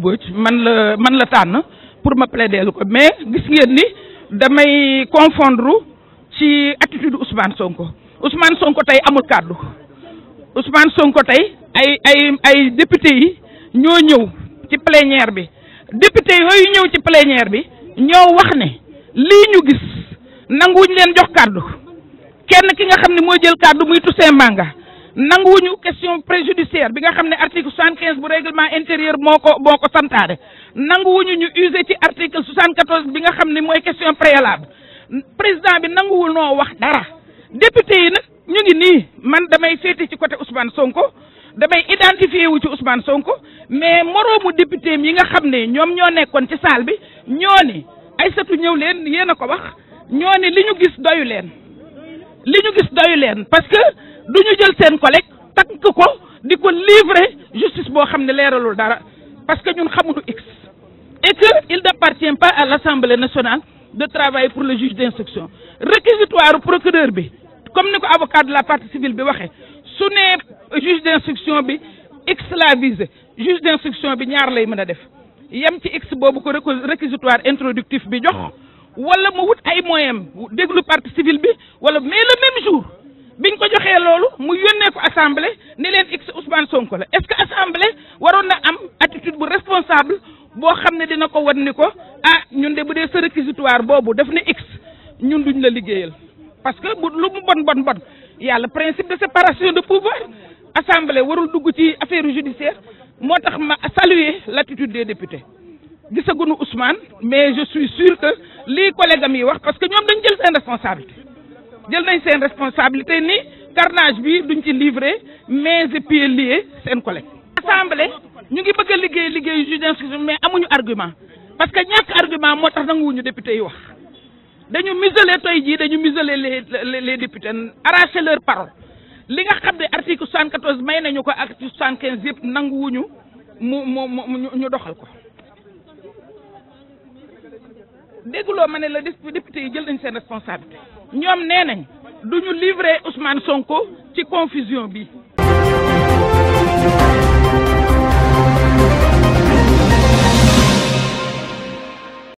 Mbodj man la man la tànn pour ma plaider lu ko mais gis ngeen ni damay confondre ci attitude Ousmane Sonko Ousmane Sonko tey amul kàddu Ousmane Sonko tey ay ay ay député yi ñoo ñëw ci plénière bi député yooyu ñëw ci plénière bi ñoo wax ne lii ñu gis nanguwuñ leen jox kàddu kenn ki nga xam ne mooy jël kàddu muy Toussaint Manga nanguwuñu question préjudiciaire bi nga xam ne article soixante quinze bu règlement intérieur moo ko moo ko santaane nanguwuñu ñu usé ci article soixante quatorze bi nga xam ne mooy question préalable président bi nanguwul noo wax dara député yi nag ñu ngi nii man damay féete ci côté Ousmane Sonko damay identifié wu ci Ousmane Sonko mais moroomu député yi nga xam ne ñoom ñoo nekkoon ci salle bi ñoo ni Aïssatou ñëw leen yéen a ko wax ñoo ni li ñu gis doyu leen li ñu gis leen parce du ñu jël seen collègue takk ko di ko livrer justice boo xam ne leeralul dara parce que ñun xamuñu x et que il n'appartient pas à l'Assemblée nationale de travailler pour le juge d'instruction réquisitoire procureur bi comme ni ko avocat de la partie civile bi waxee su ne juge d'instruction bi x la visé juge d'instruction bi ñaar lay mën a def yem ci x boobu ko réquisitoire introductif bi jox ah. wala mu wut ay moyen déglu partie civile bi wala mais assemblée ne leen x Ousmane Sonko la est-ce que assemblée waroon na am attitude bu responsable boo xam ne dina ko wan ni ko ah ñun de bu dee sa réquisitoire boobu def ne x ñun duñ la liggéeyal parce que bu lu mu bon bon bon yàlla principe de séparation de pouvoir assemblée warul dugg ci affaire judiciaire moo tax ma saluer l'attitude des députés gisaguñu Ousmane mais je suis sûr que lii collègue am yi wax parce que ñoom dañ jël seen responsabilité jël nañ seen responsabilité ni carnage bi duñ ci livrer mais et puis lié seen collecte. assemblée ñu ngi bëgg a liggéey liggéey juge d'instruction mais amuñu argument parce que ñàkk argument moo tax nanguwuñu député yi wax dañu museler tey jii dañu museler les les les députés arracher leur li nga xam ne article soixante quatorze may nañu ko ak soixante quinze yëpp nanguwuñu mu mu mu ñu doxal ko. dégguloo ma ne la député yi jël nañ seen responsabilité ñoom nee nañ. duñu livrer Ousmane Sonko ci confusion bi